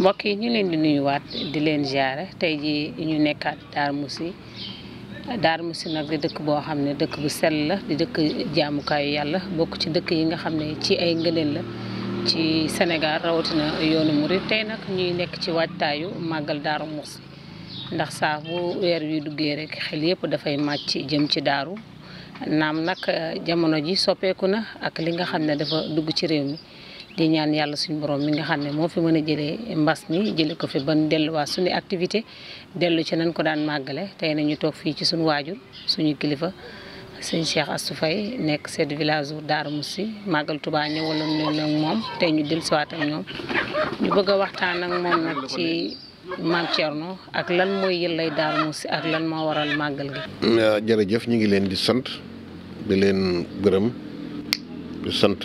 mbokk yi ñu leen di nuyuwaat di leen ziare tey jii ñu nekkaat Darou Mousty Darou Mousty nag di dëkk boo xam ne dëkk bu sell la di dëkk jaamukaayu yàlla bokk ci dëkk yi nga xam ne ci ay ngëneel la ci senegal rawatina yoonu murid tey nag ñuy nekk ci waajtaayu màggal Darou Mousty ndax saa bu weer wi duggee rek xel yëpp dafay màcc jëm ci daaru naam nag jamono ji soppeeku na ak li nga xam ne dafa dugg ci réew mi. di ñaan yàlla suñu borom mi nga xam ne moo fi mën a jëlee mbas mi jëlee ko fi ban delluwaat suñu activité dellu ci nañ ko daan màggale tey nañu toog fii ci suñu waajur suñu kilifa suñu Cheikh Astou fay nekk chef de village Darou Moussi màggal Touba ñëwaloon nañ ak moom tey ñu dellusiwaat ak ñoom ñu bëgg a waxtaan ak moom nag ci maam Thierno ak lan mooy lay Darou Moussi ak lan moo waral màggal gi. Euh, jërëjëf ñu ngi leen di sant di leen gërëm di sant.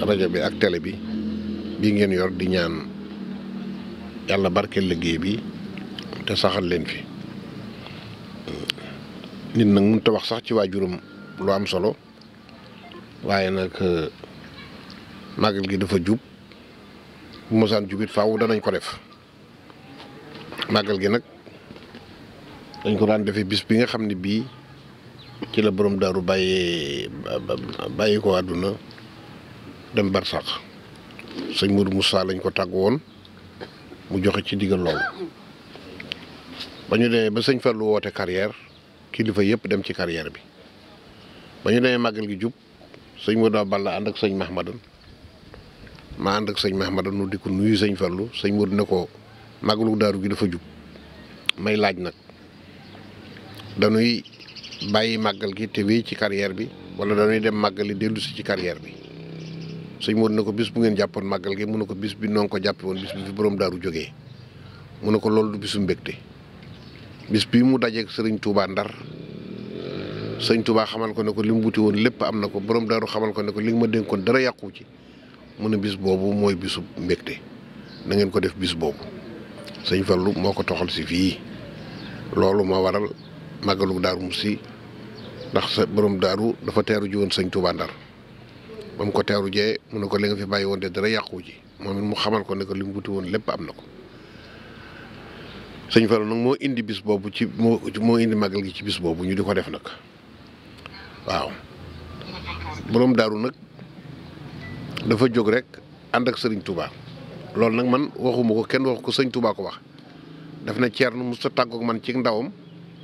rajo bi ak télé bi bi ngeen yor di ñaan yàlla barkeel liggéey bi te saxal leen fi nit nag mënut a wax sax ci waa waajuram lu am solo waaye nag euh, màggal gi dafa jub bu mosaan jubit faaw danañ ko def màggal gi nag dañ ko daan defee bis bi nga xam ne bii ci la borom daaru bàyyee bàyyi ko àdduna dem barsax sëñ Modou Moussa lañ ko tàgg woon mu joxe ci digal loolu ba ñu demee ba sëñ Fallou woote carrière kilifa yëpp dem ci carrière bi ba ñu demee màggal gi jub sëñ Modou Balla ànd ak sëñ Mahmadan maa ànd ak sëñ Mahmadan nu di ko nuyu sëñ Fallou sëñ Modou ne ko màggalu daaru gi dafa jub may laaj nag dañuy bàyyi màggal gi te wéy ci carrière bi wala dañuy dem màggali dellu si ci carrière bi sëñ Modou ne ko bis bu ngeen jàppoon màggal gi mu ne ko bis bi noo ko jàppee woon bis bi fi borom daaru jógee mu ne ko loolu du bisu mbégte bis bii mu dajeeg sëriñ tuubaa Ndar sëñ Touba xamal ko ne ko li mu wuti woon lépp am na ko borom daaru xamal ko ne ko li nga ma dénkoon dara yàqu ci mu ne bis boobu mooy bisu mbégte na ngeen ko def bis boobu sëñ Fallou moo ko toxal si fii loolu ma waral màggalu daaru si ndax sa borom daaru dafa teeru ju woon sëñ Touba ba mu ko teeru jee mu ne ko li fi bàyyi woon de dara yàqu ji moom it mu xamal ko ne ko li mu wuti woon lépp am na ko sëñ Fallou nag moo indi bis boobu ci moo moo indi màggal ngi ci bis boobu ñu di ko def nag waaw boroom daaru nag dafa jóg rek ànd ak sëriñ tubaa loolu nag man waxuma ko kenn waxu ko sëñ Touba ko wax def na Ceerno mos a tàggoog man ci ndawam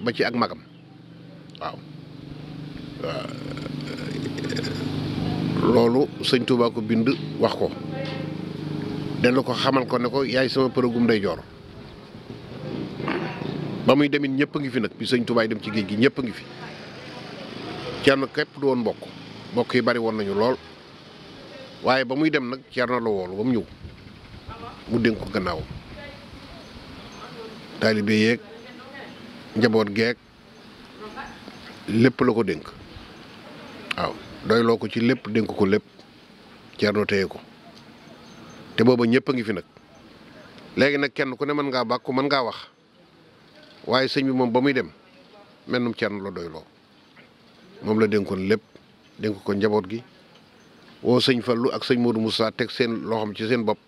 ba ci ak magam waaw loolu sëñ Touba ko bind wax ko dellu ko xamal ko ne ko yaay sama përëgum day joor ba muy demit ñëpp a ngi fi nag bi sëñ Touba dem ci géej gi ñëpp ngi fi Ceerno képp du woon mbokk mbokk yi bari woon nañu lool waaye ba muy dem nag Ceerno la woolu ba mu ñëw mu dénk ko gannaawam taalibe yéeg njaboot geek lépp la ko dénk waaw doyloo ko ci lépp dénk ko lépp Ceerno téye ko te booba ñëpp a ngi fi nag léegi nag kenn ku ne mën ngaa bàkku mën ngaa wax waaye sëñ bi moom ba muy dem mennum Ceerno la doyloo moom la dénkoon lépp dénk ko njaboot gi woo sëñ Fallu ak sëñ Modou Moussa teg seen loxoom ci seen bopp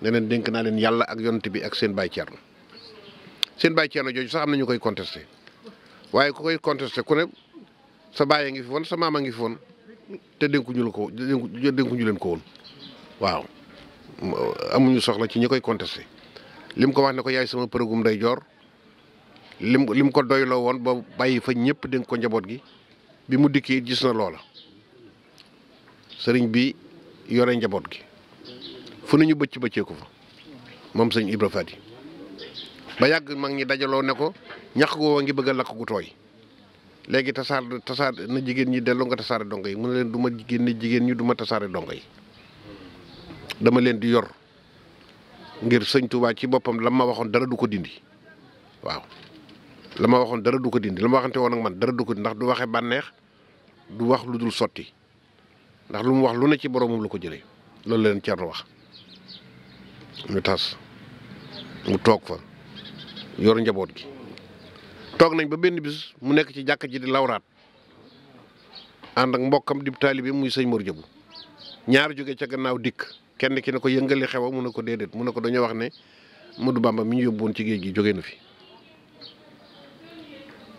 ne leen dénk naa leen yàlla ak yonent bi ak seen baay Ceerno seen baay Ceerno jooju sax am na ñu koy contesté waaye ku koy contesté ku ne sa baay a ngi fi woon sa maam ngi fi woon te dénkuñu la ko dénkuñu leen ko woon waaw amuñu soxla ci ñi koy contesté lim ko wax ne ko yaay sama përëgum day joor lim lim ko doyloo woon ba bàyyi fa ñëpp dénk ko njaboot gi bi mu dikkee gis na loola sëriñ bi yore njaboot gi fu nañu bëcc bëcceeku fa moom sëñ Ibra Faty ba yàgg mag ñi dajaloo ne ko ñax goo ngi bëgg a lakk gu tooy léegi tasaar tasaar na jigéen ñi delloo nga tasaare dongo yi mu ne leen du ma jigéen ne jigéen ñi du ma tasaare dongo yi dama leen di yor ngir sëñ waa ci boppam la ma waxoon dara du ko dindi waaw la ma waxoon dara du ko dindi la waxante woon ak man dara du ko dindi ndax du waxe bànneex du wax lu dul sotti ndax lu mu wax lu ne ci boromam lu ko jëlee loolu leen Cerno wax ñu tas mu toog fa yor njaboot gi toog nañ ba benn bis mu nekk ci jàkk ji di lawraat ànd ak mbokkam di taalibe muy sëñ Mor Jëbu ñaar jóge ca gannaaw dikk kenn ki ne ko yëngali xew a mu ko déedéet mun ne ko dañoo wax ne mu Modou Bamba mi ñu yóbbu woon ci géej gi jóge na fi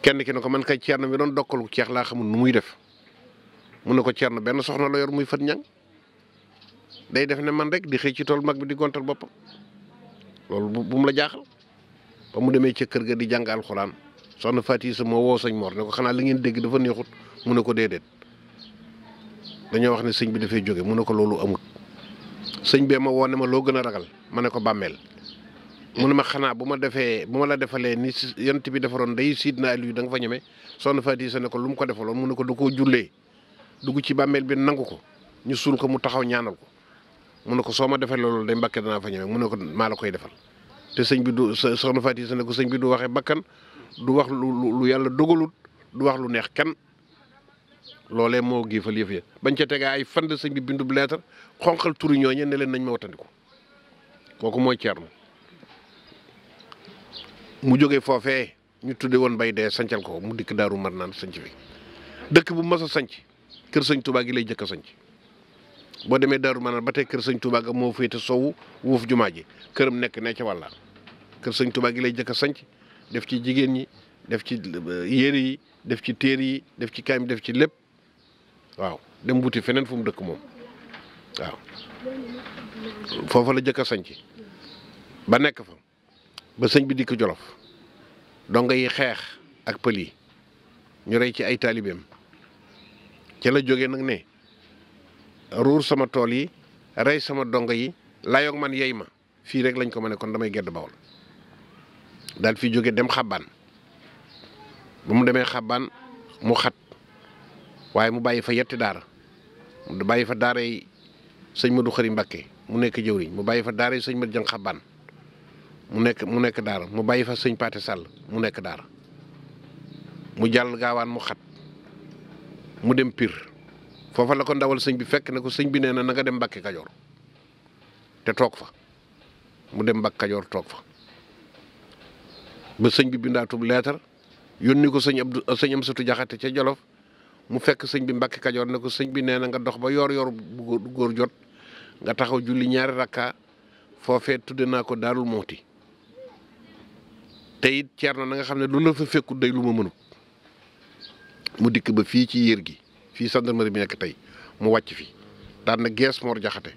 kenn ki ne ko man kay ceerno mi doon dokkalu ceex laa xamul nu muy def mun ne ko ceerno benn soxna la yor muy fat ñang day def ne man rek di xëy ci tool mag bi di gontal boppam loolu bu mu la jaaxal ba mu demee ca kër ga di jàng soxna Faati sa moo woo sëñ Mor ne ko xanaa la ngeen dégg dafa neexut mun ne ko déedéet dañoo wax ne sëñ bi dafay jóge mun ne ko loolu amut sëñ bee ma woo ne ma loo gën a ragal ma ne ko bàmmeel mun ne ma xanaa bu ma defee bu ma la defalee ni yonent bi defaroon day Sidna Aliyu da nga fa ñeme soxna Faati ne ko lu mu ko defaloon mu ne ko da koo jullee dugg ci bàmmeel bi nangu ko ñu suul ko mu taxaw ñaanal ko mu ne ko soo ma defee loolu day mbàkke danaa fa ñeme mu ne ko maa la koy defal te sëñ bi du soxna Faati sa ne sëñ bi du waxee bakkan du wax lu lu yàlla dogalut du wax lu neex kenn loolee moo giifal yëf ya bañ ca tegee ay fand sëñ bi bindub leetar xonqal turi ñooñe ne leen nañ ma watandiku kooku mooy Ceerno mu jógee foofe ñu tudde woon bay dee sancal ko mu dikk daaru mar naan sanc fi dëkk bu mas sañc kër sëñ Touba gi lay jëkka sañc boo demee daaru mar naan ba tey kër sañ Touba ga moo féete sowu wuuf jumaa ji këram nekk ne ca wàlla kër sëñ Touba gi lay jëkka sañc def ci jigéen ñi def ci euh, yére yi def ci téer yi def ci kaam def ci lépp waaw dem wuti feneen fu mu dëkk moom waaw foofa la jëkk a sañc ba nekk fa ba sëñ bi dikk jolof dongo yi xeex ak pël yi ñu rey ci ay taalibeem ca la jógee nag ne ruur sama tool yi rey sama dongo yi layoog man yey ma fii rek lañ ko ma ne kon damay gedd bawol daal fi jóge dem xabbaan ba mu demee xabbaan mu xat waaye mu bàyyi fa yetti daara mu bàyyi fa daara yi sëñ du Xari Mbakke mu nekk jëwriñ mu bàyyi fa daara yi sëñ Mat Jang xabbaan mu nekk mu nekk daara mu bàyyi fa sëñ Paate Sàll mu nekk daara mu jàll gaawaan mu xat mu dem piir foofa la ko ndawal sëñ bi fekk ne ko sëñ bi nee na na nga dem Mbakke Kajoor te toog fa mu dem Mbakke Kajoor toog fa ba sëñ bi bindaatub leetar yónni ko sëñ Abdu sëñ Amsatu Jaxate ca Jolof mu fekk sëñ bi Mbàkke Kajoor ne ko sëñ bi nee na nga dox ba yoor yor bu góor jot nga taxaw julli ñaari rakka foofee tudde naa ko Daarul Mooti te it Ceerno na nga xam ne lu la fa fekkut day lu ma mënut mu dikk ba fii ci yéer gi fii gendarmerie bi nekk tey mu wàcc fi daan na gees Moor Jaxate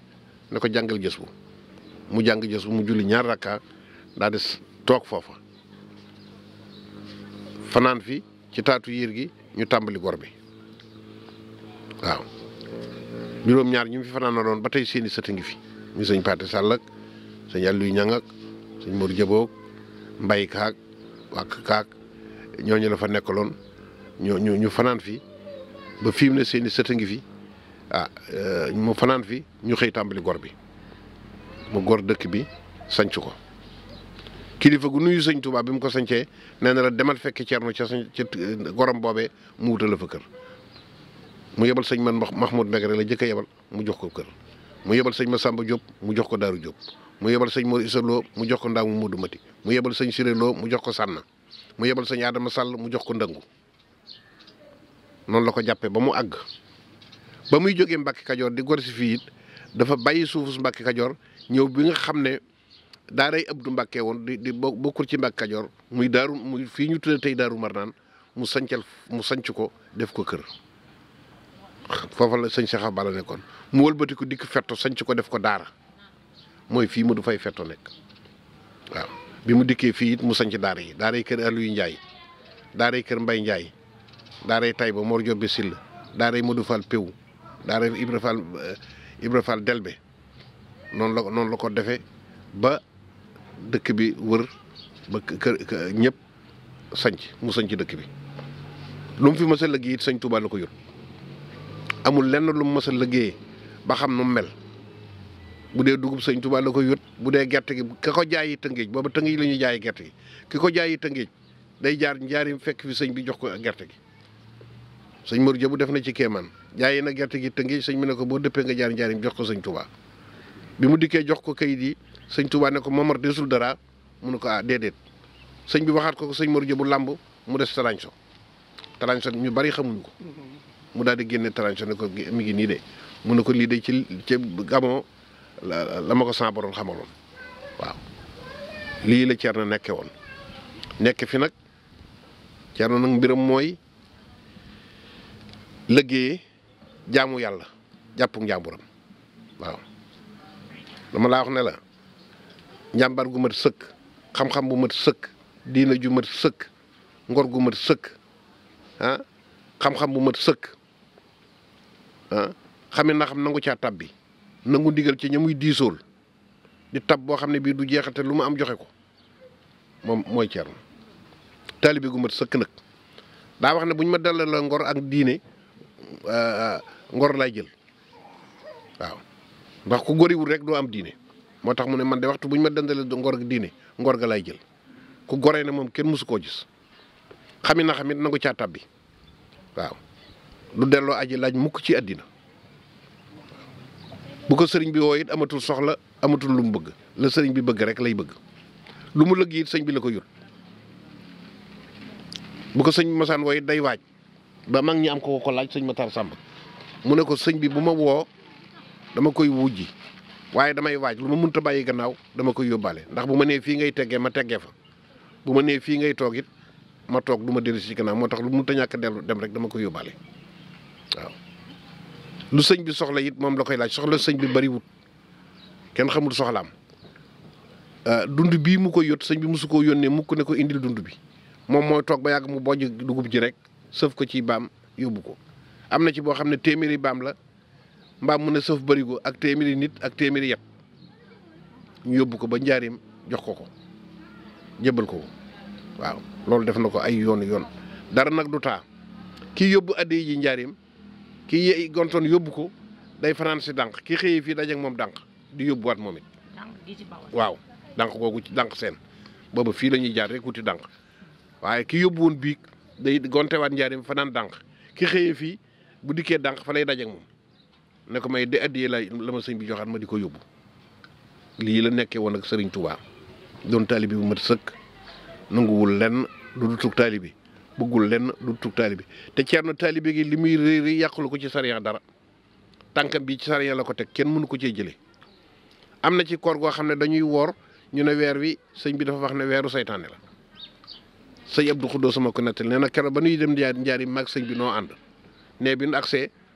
ne ko jàngal gës bu mu jàng gës bu mu julli ñaari rakka daal di toog foofa fanaan fi ci taatu yéer gi ñu tàmbali gor bi waaw juróom-ñaar ñu fi fanaan ba tey seeni sët a ngi fi ñu sëñ Paate Sàll ak sëñ Aliou Ñang ak sëñ Mor Mbay Kaag Wàkk Kaag ñooñu la fa nekkaloon ñu ñu fanaan fi ba fii mu seeni sët a ngi fi ah euh, mu fanaan fi ñu xëy tàmbali gor bi mu gor dëkk bi sanc ko kilifa gu nuyu sëñ Touba bi mu ko sañcee nee na la demal fekk Thierno ca sañ ca gorom boobee mu wutal la fa kër mu yebal sëñ man Mahmoud Mbegere la jëkk yebal mu jox ko kër mu yebal sëñ Massamba Diop mu jox ko Daaru Diop mu yebal sëñ Mor mu jox ko Ndaamu Modou Mati mu yebal sëñ Siré Lo mu jox ko Sànna mu yebal sëñ Adama sàll mu jox ko Ndëngu noonu la ko jàppee ba mu àgg ba muy jógee Mbàkke Kajoor di gor si fii it dafa bàyyi suufu Mbàkke kajo bi nga xam ne daaray Abdu Mbàkke woon di di bokkul ci Mbàkke Kajoor muy daaru muy fii ñu tudde tey daaru Marnaan mu sancal mu sañc ko def ko kër foofa la sëñ Cheikh nekkoon mu wëlbati ko dikk fetto sanc ko def ko daara mooy fii mu du fay fetto nekk waaw bi mu dikkee fii it mu sanc daara yi daaray kër Aliou Ndiaye daaray kër Mbay Ndiaye daaray Tayba Mor Jobbe Sill daaray Modou Fall Pew daaray Ibra Fall Delbe noonu la ko defe dëkk bi wër ba kër ñëpp sanc mu sanc dëkk bi lu mu fi mës a liggéey it la ko yót amul lenn lu mu mës a ba xam nu mel bu dee dugub sëñ Tuubaa la ko yót bu dee gerte gi ki ko jaayi tëngéej boobu tëngéej la ñuy jaayi gerte gi ki ko jaayi tëngéej day jaar njaarim fekk fi sëñ bi jox ko gerte gi sëñ Mor Jaabu def na ci kéemaan jaayi na gerte gi tëngéej sëñ bi ne ko boo dëppee nga jaar njaarim jox ko sëñ Tuubaa bi mu dikkee jox ko kayit yi sëñ Touba ko ko Momar desul dara mu ne ko ah déedéet sëñ bi waxaat ko sëñ Mor Jóob bu làmb mu des tarañso tarañso ñu bari xamuñu ko mu daal di génne tarañso ne ko mi ngi nii de mun ne ko lii de ci ci gamoo la ma ko sa borom xamaloon waaw lii la Ceerno nekke woon nekk fi nag Ceerno nag mbiram mooy liggéey jaamu yàlla jàppu njàmburam waaw dama laa wax ne njàmbar gu mat sëkk xam-xam bu mat sëkk diina ju mat sëkk ngor gu mat sëkk ah bu mat sëkk ah xamit na xam nangu caa tab bi nangu ndigal ci ña muy diisool di tab boo xam ne bii du jeexate lu mu am joxe ko moom mooy Ceerno taalibe gu mat sëkk nag daa wax ne bu ñu ma dalal la ngor ak diine ah, ah, ngor laay jël waaw ndax ku góoriwul rek doo am diine moo tax mu ne man de waxtu bu ñu ma dendale ngor gi diine ngor ga lay jël ku goree ne moom kenn mësu koo gis xami na xamit nangu caa tabbi waaw du delloo aji laaj mukk ci àddina bu ko sëriñ bi woo it amatul soxla amatul lu bëgg la sëriñ bi bëgg rek lay bëgg lu mu lëgg sëñ bi la ko yut bu ko sëñ mosaan woo day waaj ba mag ñi am ko ko laaj sëñ Matar Samb mu ne ko sëñ bi bu ma woo dama koy wujji waaye damay waaj lu ma mënta bàyyi gannaaw dama koy yóbbaale ndax bu ma nee fii ngay teggee ma teggee fa bu ma nee fii ngay toog it ma toog duma ma dellu si gannaaw moo tax lu mënta ñàkk dellu dem rek dama koy yóbbaale lu sëñ bi soxla it moom la koy laaj soxla sëñ bi bariwut kenn xamul soxlaam euh, dund bii mu ko yot sëñ bi mosu koo yónnee mukk ne ko indil dund bi moom mooy toog ba yàgg mu bojj dugub ji rek sëf ko ci baam yóbbu ko am na ci boo xam ne téeméeri baam la. mbaa mu ne sëf barigo ak téeméeri nit ak téeméeri yat ñu yóbbu ko ba njaarim jox ko ko jëbal ko waaw loolu def na ko ay yoon yoon dara nag du taa kii yóbbu addi ji njaarim kii gontoon yóbbu ko day fanaan si dànq kii xëyee fii dajeek moom dànq di yóbbuwaat moom it waaw dànq googu ci danq seen booba fii la ñuy jaar rek wuti dànq waaye ki yóbbu woon biig day gontewaat njaarim fanaan dànq ki xëyee fii bu dikkee danq fa lay dajeek moom ne ko may de addiyee laay la ma sëñ bi joxaat ma di ko yóbbu lii la nekkee woon ak sëriñ Touba doon taalibi bu mat sëkk nanguwul lenn lu dutug taalibi bëggul lenn lu dutug taalibi te ceerno taalibi gi li muy rëy rëy yàqulu ko ci sariya dara tànkam bi ci sariya la ko teg kenn mënu ko cee jëlee am na ci koor goo xam ne dañuy woor ñu ne weer wi sëñ bi dafa wax ne weeru seytaane la sëñ Abdou Khoudous sama ko nettali nee na keroog ba nuy dem njaari njaari mag sëñ bi noo ànd nee bi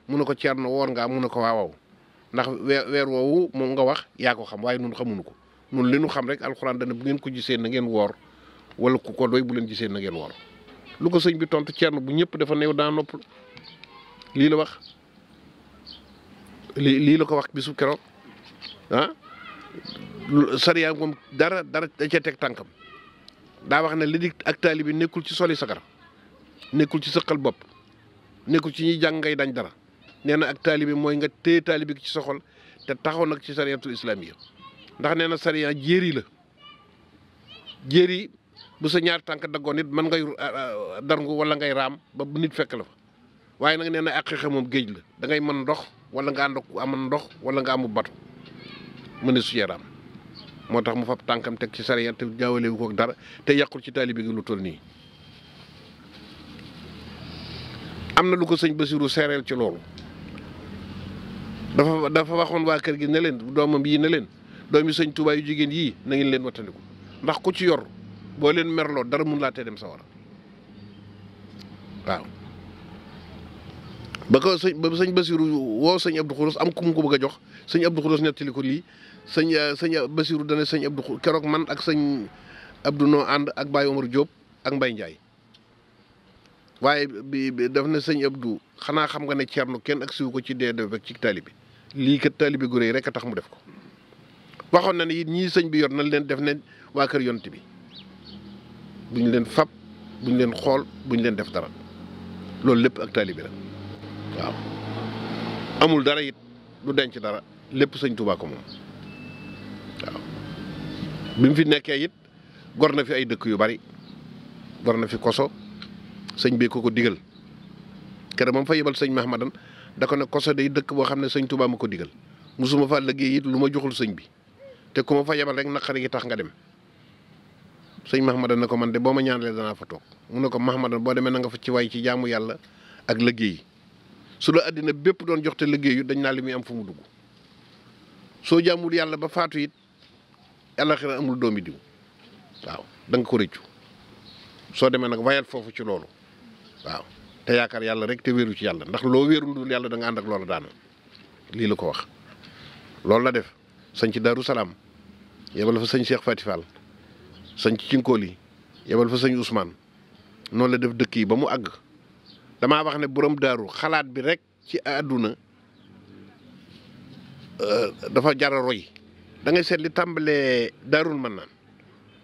mu ne ko na woor ngaa mun ne ko waawaw ndax weer weer woowu moom nga wax yaa ko xam waaye nun xamunu ko nun li nu xam rek alxuraan dana bu ngeen ko gisee na ngeen woor wala ku ko doy bu leen gisee na ngeen woor lu ko sëñ bi tontu Thierno bu ñëpp dafa new daa nopp lii la wax lii lii la ko wax bisu keroog ah moom dara dara da ca teg tànkam daa wax ne li ak taali bi nekkul ci soli sagar nekkul ci sëqal bopp nekkul ci ñuy jàng ngay dañ dara nee na ak taalibe mooy nga téye taalibe ci sa te taxaw nag ci sariyatul islaamiya ndax nee na sariya jéeri la jéeri bu sa ñaar tànk daggoon nit mën ngay darngu wala ngay raam ba nit fekk la fa waaye nag nee na aqiqa moom géej la da ngay mën ndox wala nga ànd am ndox wala nga amu batu mu ne su yaram moo tax mu fab tànkam teg ci sariya te jaawale wu ko dara te yàqul ci taalibe gi lu toll nii am na lu ko sëñ Basiru seereel ci loolu dafa dafa waxoon waa kër gi ne leen doomam yii ne leen doom yi sëñ jigéen yii nangeen ngeen leen wattandiku ndax ku ci yor boo leen merloo dara mun laa tee dem sawara waaw ba ko sëñ ba sëñ Basiru woo sëñ Abdou Khourous am ku ko bëgg a jox sëñ Abdou Khourous nettali ko lii sëñ sëñ Basiru dana sëñ Abdou keroog man ak sañ Abdou noo ànd ak Baye Omar Diop ak Mbaye Ndiaye waaye bi daf ne sëñ Abdou xanaa xam nga ne Ceerno kenn ak siwu ko ci dee def ak ci taali bi lii kat taalibe gu rëy rek a tax mu def ko waxoon na ne it ñii sëñ bi yor na leen def ne waa kër yont bi buñ leen fab buñ leen xool buñ leen def dara loolu lépp ak taalibe la waaw amul dara it du denc dara lépp sëñ Tuubaa ko moom waaw bi mu fi nekkee it gor na fi ay dëkk yu bari gor na fi koso sëñ bi ko ko digal kere moom fa yebal sëñ Mahamadan da ko ne koso day dëkk boo xam ne sëñ Tuubaa ma ko digal musuma fa liggéey it lu ma joxul sëñ bi te ku ma fa yebal rek naqari gi tax nga dem sëñ Mahmadan na ko man de boo ma ñaanalee danaa fa toog mu ne ko Mahmadan boo demee na nga fa ci way ci jaamu yàlla ak liggéey su la àddina bépp doon jox te liggéeyu dañ naa li muy am fu mu dugg soo jaamul yàlla ba faatu it àlaxira amul doomi diw waaw da ko rëccu soo demee nag wayal foofu ci loolu waaw te yaakaar yàlla rek te wéeru ci yàlla ndax loo wéerul dul yàlla da nga ànd ak loola daanu lii la ko wax loolu la def sañ ci Daaru Salaam yebal fa sañ Cheikh Faty Fall sañ ci Cinkóol yi yebal fa sëñ Ousmane noonu la def dëkk yi ba mu àgg damaa wax ne borom daaru xalaat bi rek ci àdduna euh, dafa jara roy dangay seet li tàmbalee daarul man naan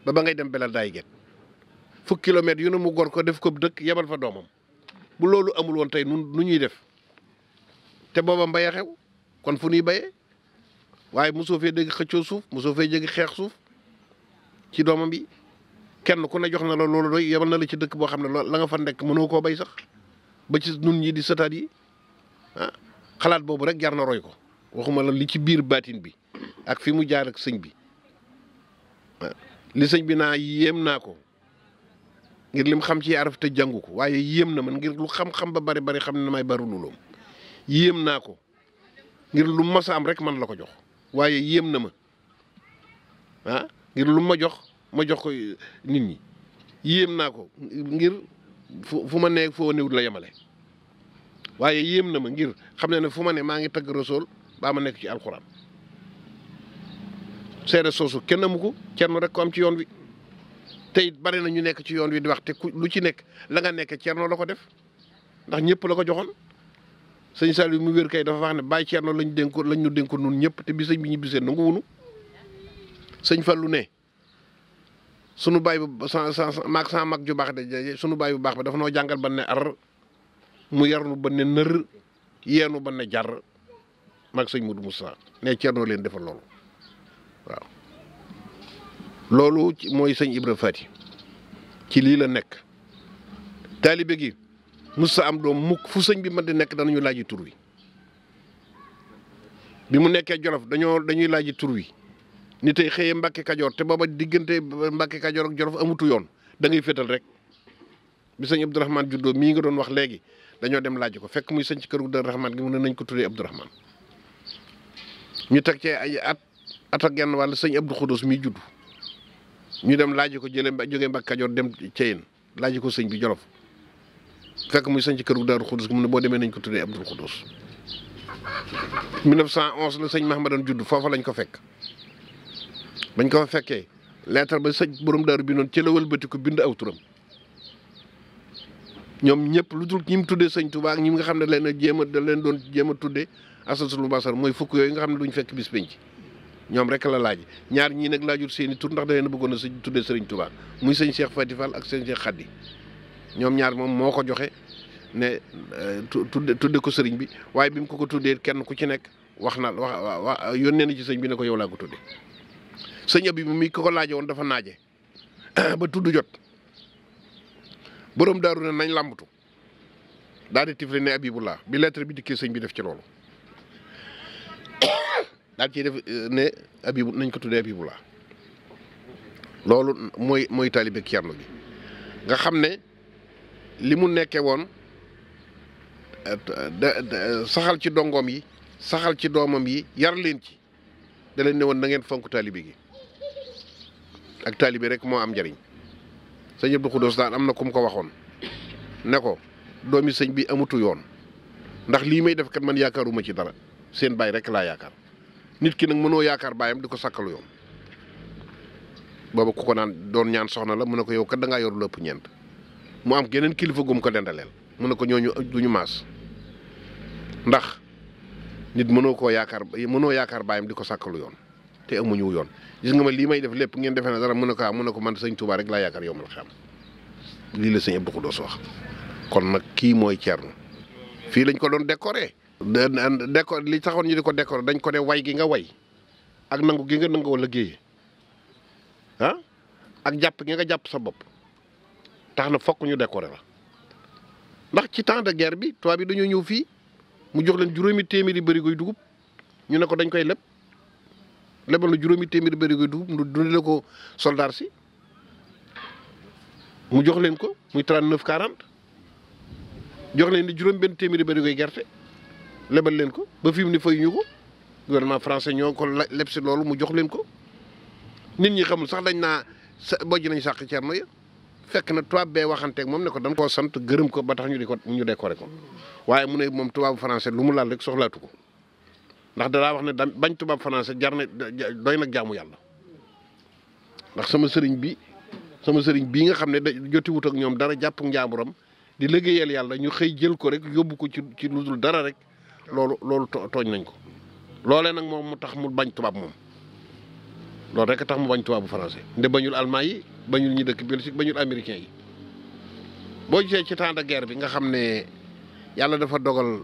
ba ba ngay dem Bélal daay get fukki kilomètres yu ne mu gor ko def ko bu dëkk yebal fa doomam bu loolu amul woon tey nun nu ñuy def te booba mbay xew kon fu nuy béyee waaye mosoo fee dégg xëccoo suuf mosoo fee dégg xeex suuf ci doomam bi kenn ku ne jox na la loolu doy yebal na la ci dëkk boo xam ne la nga fa nekk mënoo koo bay sax ba ci nun ñi di sëtaat yi ah, xalaat boobu rek jar na roy ko waxuma la li ci biir baatin bi ak fi mu jaar ak sëñ bi ah, li sëñ bi naa yéem naa ko ngir lim xam ci araf te jàngu ko waaye yéem na man ngir lu xam-xam ba bari bari xam ne may baru lu loom yéem naa ko ngir lu mas am rek man la ko jox waaye yéem na ma ah ngir lu ma jox ma jox ko eh, nit ñi yéem naa ko ngir fu ma ne foo néewut la yemale waaye yéem na ma ngir xam ne ne fu ma ne maa ngi tagg rasool baa ma nekk ci alxuraan seere soosu kenn amu ko kenn rek ko am ci yoon bi te it bari na ñu nekk ci yoon wi di wax te lu ci nekk la nga nekk Thierno la ko def ndax ñëpp la ko joxoon sëñ Saliou mu wér kay dafa wax ne bàyyi noo lañ dénkoon lañ ñu dénkoon nun ñëpp te bi sëñ bi ñu bisee nangu wunu sëñ Fallou ne sunu baay bu sa mag ju baax de sunu baay bu baax ba dafa noo jàngal ba ne ar mu yar yarnu ba ne nër yeenu ba ne jar maag sëñ Modou Moussa ne Thierno leen defal loolu loolu mooy sëñ Ibra Fati ci lii la nekk taalibe gi mus sa am doom mukk fu sëñ bi ma di nekk danañu laaji tur wi bi mu nekkee Jolof dañoo dañuy laaji tur wi ni tey xëyee Mbàkke Kajoor te booba diggante Mbàkke Kajoor ak Jolof amutu yoon da ngay féetal rek bi sëñ Abdourahmane juddoo mii nga doon wax léegi dañoo dem laaj ko fekk muy sëñ ci këru Abdourahmane gi mu ne nañ ko tuddee Abdourahmane ñu teg cee ay at at ak genn wàll sëñ Abdou Khoudous mii juddu ñu dem laaj ko jëlee jógee Mbàkke Kajoor dem Ceyin laaj ko sëñ bi Jolof fekk muy sëñ ci kër gu Daaru Xudus mu ne boo demee nañ ko tuddee Abdul Xudus 1911 la sëñ Mahamadan judd foofa lañ ko fekk bañ ko fa fekkee leetar ba sëñ borom daaru bi noonu ci la wëlbati ko bind aw turam ñoom ñëpp lu dul ñi mu tuddee sëñ Touba ak ñi nga xam ne leen a jéem a da leen doon jéem a tuddee asasul basar mooy fukk yooyu nga xam ne duñ fekk bis penc ñoom rek la laaj ñaar ñii nag laajul seen i tur ndax da leen bëggoon a sëñ tudde sëriñ Touba muy sëñ Cheikh Fati Fall ak sëñ Cheikh Khady ñoom ñaar moom moo ko joxe ne euh, tudde tudde ko sëriñ bi waaye bi mu ko ko tuddee kenn ku ci nekk wax na wax wax yónnee na ci sëñ bi ne ko yow laa ko tuddee sëñ bi mu ko ko laaje woon dafa naaje ba tudd jot borom daaru ne nañ làmbatu daal di tifli ne laa bi lettre bi dikkee sëñ bi def ci loolu. daal ciy def euh, ne abibu nañ ko tuddee abibu laa loolu mooy mooy taalibe Ceerno gi nga xam ne li mu nekke woon euh, saxal ci dongoom yi saxal ci doomam yi yar leen ci da leen ne woon na ngeen fonk taalibe gi ak taalibe rek moo am njariñ sëñ Abdou Khoudous daan am na ku mu ko waxoon ne ko doomi sëñ bi amutu yoon ndax lii may def kat man yaakaaruma ci dara seen baay rek laa yaakaar nit ki nag mënoo yaakaar baayam di ko sakkalu yoon booba ku ko naan doon ñaan soxna la mën ne ko yow kat da ngaa yor lu ëpp ñeent mu am geneen kilifa gum ko dendaleel mën ne ko ñooñu du ñu maas ndax nit mënoo koo yaakaar mënoo yaakaar baayam di ko sàkkalu yoon te amuñu yoon gis nga ma lii may def lépp ngeen defee ne dara mu ne ko ah mu ne ko man sëñ Touba rek laa yaakaar yow ma la xam lii la sëñ Abdou Khoudoss wax kon nag kii mooy na fii lañ ko doon décorer. décor li taxoon ñu di ko décor dañ ko ne way gi nga way ak nangu gi nga nangoo liggéey ah ak jàpp gi nga jàpp sa bopp tax na fokk ñu décorer la ndax ci temps de guerre bi tubaab bi dañoo ñëw fii mu jox leen juróomi téeméeri bërigoy dugub ñu ne ko dañ koy leb lebal la juróomi téeméeri bërigoy dugub ko soldat si mu jox leen ko muy 39 40 jox leen di juróom benn téeméeri bërigoy gerte. lebal leen ko ba fi mu ne fay ñu ko gouvernement français ñoo si loolu mu jox leen ko nit ñi xamul sax dañ naa sa bojj nañ sàq Cerno ya fekk na tubaab bee waxanteeg moom ne ko dañ koo sant gërëm ko ba tax ñu di ko ñu décoré ko waaye mu ne moom tubaab français lu mu laal rek soxlaatu ko ndax dalaa wax ne da bañ tubaab français jar na doy nag jaamu yàlla ndax sama sëriñ bi sama sëriñ bii nga xam ne da joti wut ak ñoom dara jàpp njaamuram di liggéeyal yàlla ñu xëy jël ko rek yóbbu ko ci ci lu dul dara rek loolu loolu tooñ nañ ko loolee nag moom mu tax mu bañ tubaab moom loolu rek tax mu bañ tubaabu français nde bañul allemand yi bañul ñi dëkk Belgique bañul américain yi boo gisee ci temps de guerre bi nga xam ne yàlla dafa dogal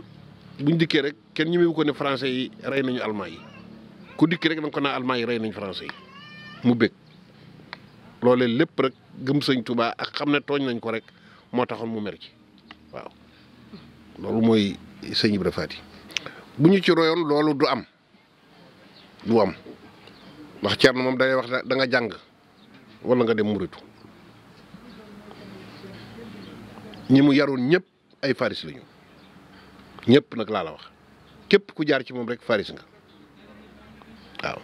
buñ dikkee rek kenn ñemewu ko ne français yi rey nañu allemand yi ku dikki rek da ko naa allemand yi rey nañ français yi mu bég loolee lépp rek gëm sëñ tubaa ak xam ne tooñ nañ ko rek moo taxoon mu mer ci waaw loolu mooy sëñ Ibra Faati bu ñu ci royoon loolu du am du am ndax Thierno moom day wax danga jàng wala nga dem muritu ñi mu yaroon ñëpp ay faris lañu ñëpp nag laa la wax képp ku jaar ci moom rek faris nga waaw.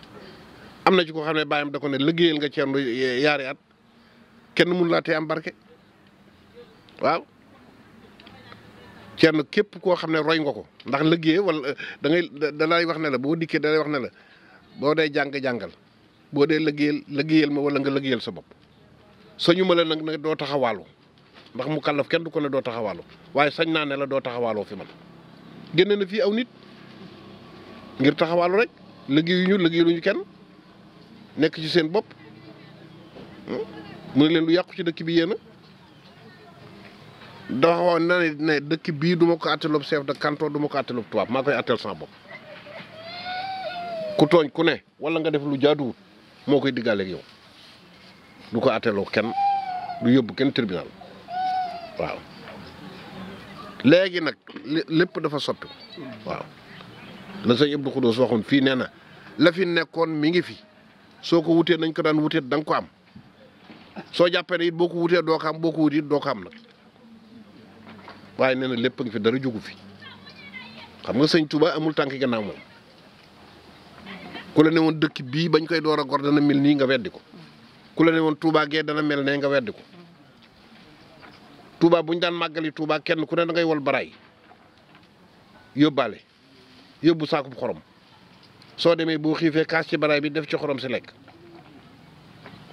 am na ci koo xam ne bàyyam da ne liggéeyal nga Thierno yaari at kenn mënu laa te am barke waaw. kenn képp koo xam ne roy nga ko ndax liggéey wala euh, da ngay da lay wax ne boo dikkee da lay wax ne la boo dee jàng jàngal boo dee liggéeyal liggéeyal ma wala nga liggéeyal sa bopp sañu ma la nag nag doo taxawaalu ndax mu kàllaf kenn du ko ne doo taxawaalu waaye sañ naa ne la doo taxawaaloo fi man génne na fii aw nit ngir taxawaalu rek liggéeyuñu liggéeyaluñu kenn nekk ci seen bopp hmm? mu ne leen lu yàqu ci dëkk bi yéen dama waxoon na ne dëkk bii du ma ko attelub chef de canton du ma ko attelub tubaab maa koy attel sama bopp ku tooñ ku ne wala nga def lu jaaduwut moo koy diggaaleeg yow du ko atteloo kenn du yóbbu kenn tribunal waaw léegi nag lépp dafa soppi waaw la du ko Khoudous waxoon fii nee na la nekkoon mi ngi fi soo ko wutee nañ ko daan wutee da nga ko am soo jàppee ne it boo ko wutee doo ko am boo ko wutee doo ko am nag waaye nee na lépp a ngi fi dara jógu fi xam nga sëñ Touba amul tànk gannaaw moom ku la ne woon dëkk bii bañ koy door a gor dana mel nii nga weddi ko ku la ne woon Touba gee dana mel ne nga weddi ko Touba bu ñu daan yi Touba kenn ku ne da ngay wal baraay yóbbaale yóbbu bu xorom soo demee boo xiifee kaas ci baraay bi def ci xorom si lekk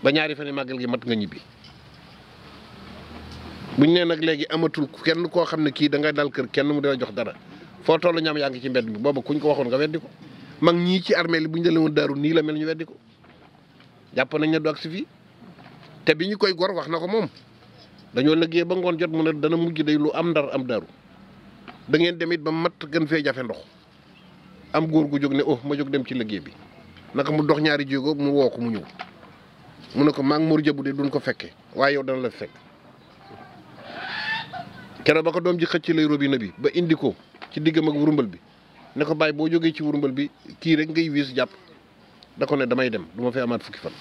ba ñaari fan yi màggal gi mat nga ñibbi. buñ nee nag léegi amatul kenn koo xam ne kii dangay nga dal kër kenn mu dina jox dara foo toll ñam yaa ngi ci mbedd mi booba kuñ ko waxoon nga weddi ko mag ñii ci armée li buñ la woon daaru la mel ñu weddi ko nañ ne du te bi ñu koy gor wax na ko moom dañoo liggéey ba ngoon jot mu ne dana mujj day lu am ndar am daaru da ngeen dem it ba matt gën fee jafe ndox am góor gu jóg ne oh ma jóg dem ci liggéey bi naka mu dox ñaari jéego mu woo ko mu ñëw mu ne ko maa ngi Mor Diabou de duñ ko fekkee waaye yow dana la fekk. keroog ba ko doom ji xëcc lay robine bi ba indi ko ci diggam mag wurumbal bi ne ko bàyyi boo jógee ci wurumbal bi kii rek ngay wiis jàpp da ko ne damay dem duma ma fi amaat fukki fan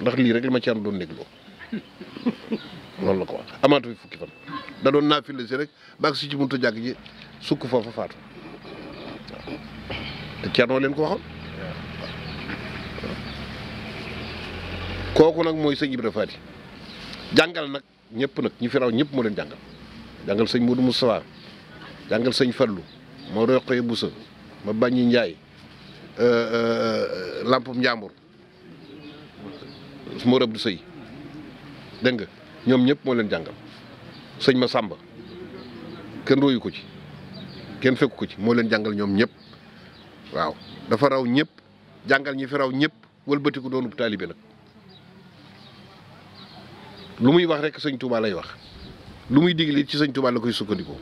ndax lii rek li ma ci am doon dégloo loolu la ko wax amaat fi naa si rek baag si ci buntu jàkk ji sukk foofa faatu te Thierno leen ko waxoon kooku nag mooy sëñ Ibra Faati jàngal nag ñëpp nag ñi fi raw ñëpp moo leen jàngal jàngal sëñ Modou Moustapha jàngal sëñ Fallou ma roqee Boussa ma Bañi Ndiaye euh, euh, Lampum Ndiambour Mor Abdou Sey dégg nga ñoom ñëpp moo leen jàngal sëñ ma Samba kenn royu ko ci kenn fekku ko ci moo leen jàngal ñoom ñëpp waaw dafa raw ñëpp jàngal ñi fi raw ñëpp wëlbatiku doonub taalibe nag lu muy wax rekk sëñ Touba lay wax. lu muy digle ci sëñ Tuubaa la koy sukkandikoo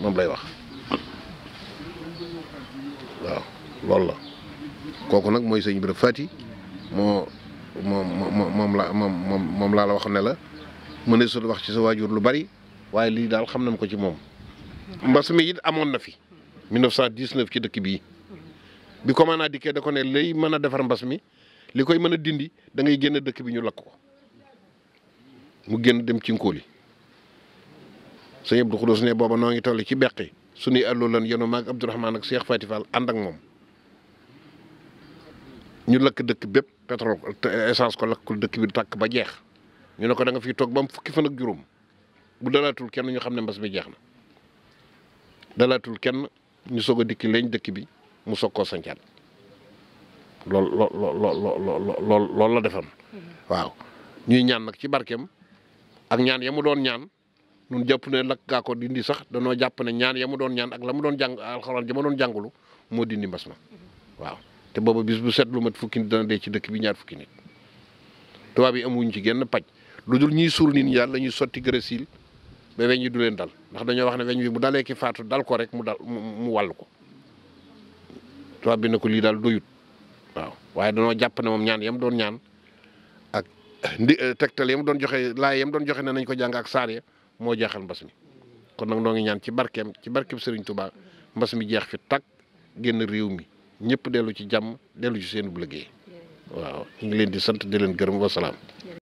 moom lay wax waaw loolu la kooku nag mooy sëñ Ibra Faty moo moom moom la moom laa la wax ne la mën a wax ci sa waajur lu bari waaye lii daal xam na mu ko ci moom mbas mi it amoon na fi 1919 ci dëkk bii bi commandant dikkee da ko ne lay mën a defar mbas mi li koy mën a dindi da ngay génn dëkk bi ñu lakk ko mu génn dem ci nkóol yi sëñ Abdou Khoudous ne booba noo ngi toll ci beqi suñuy àlloo lan yenu maag Abdourahmane ak Cheikh Faty Fall ànd ak moom ñu lakk dëkk bépp pétrole essence ko lakkul dëkk bi tàkk ba jeex ñu ne ko danga fi toog ba fukki fan ak juróom bu dalaatul kenn ñu xam ne mbas mi jeex na dalaatul kenn ñu soog a dikki leen dëkk bi mu soog koo sancaat lool lool lool lool la defoon mm-hmm. waaw ñuy ñaan nag ci barkeem ak ñaan ya mu doon ñaan nun jàpp ne lakk gaa ko dindi sax danoo jàpp ne ñaan ya mu ñaan ak la doon jàng alxuraan doon jàngulu moo dindi mbas ma waaw te booba bis bu set lu mat fukki nit dana ci dëkk ñaar fukki nit tubaab yi amuñ ci genn paj lu dul ñuy suul nit ñi la ñuy sotti gërësil ba weñ yi du leen dal ndax dañoo wax ne weñ bi mu dalee faatu dal ko rek mu dal mu wàll ko tubaab bi na lii daal doyut waaw waaye danoo jàpp ne moom ñaan yam doon ñaan ak ndi tegtal yam doon joxe laay yam doon joxe ne nañ ko jàng ak saar ya moo jaaxal mbas mi kon nag noo ngi ñaan ci barkeem ci barkeem Serigne Touba mbas mi jeex fi tàkk génn réew mi ñëpp dellu ci jàmm dellu ci seen bu liggéey waaw ñu ngi leen di sant di leen gërëm wasalaam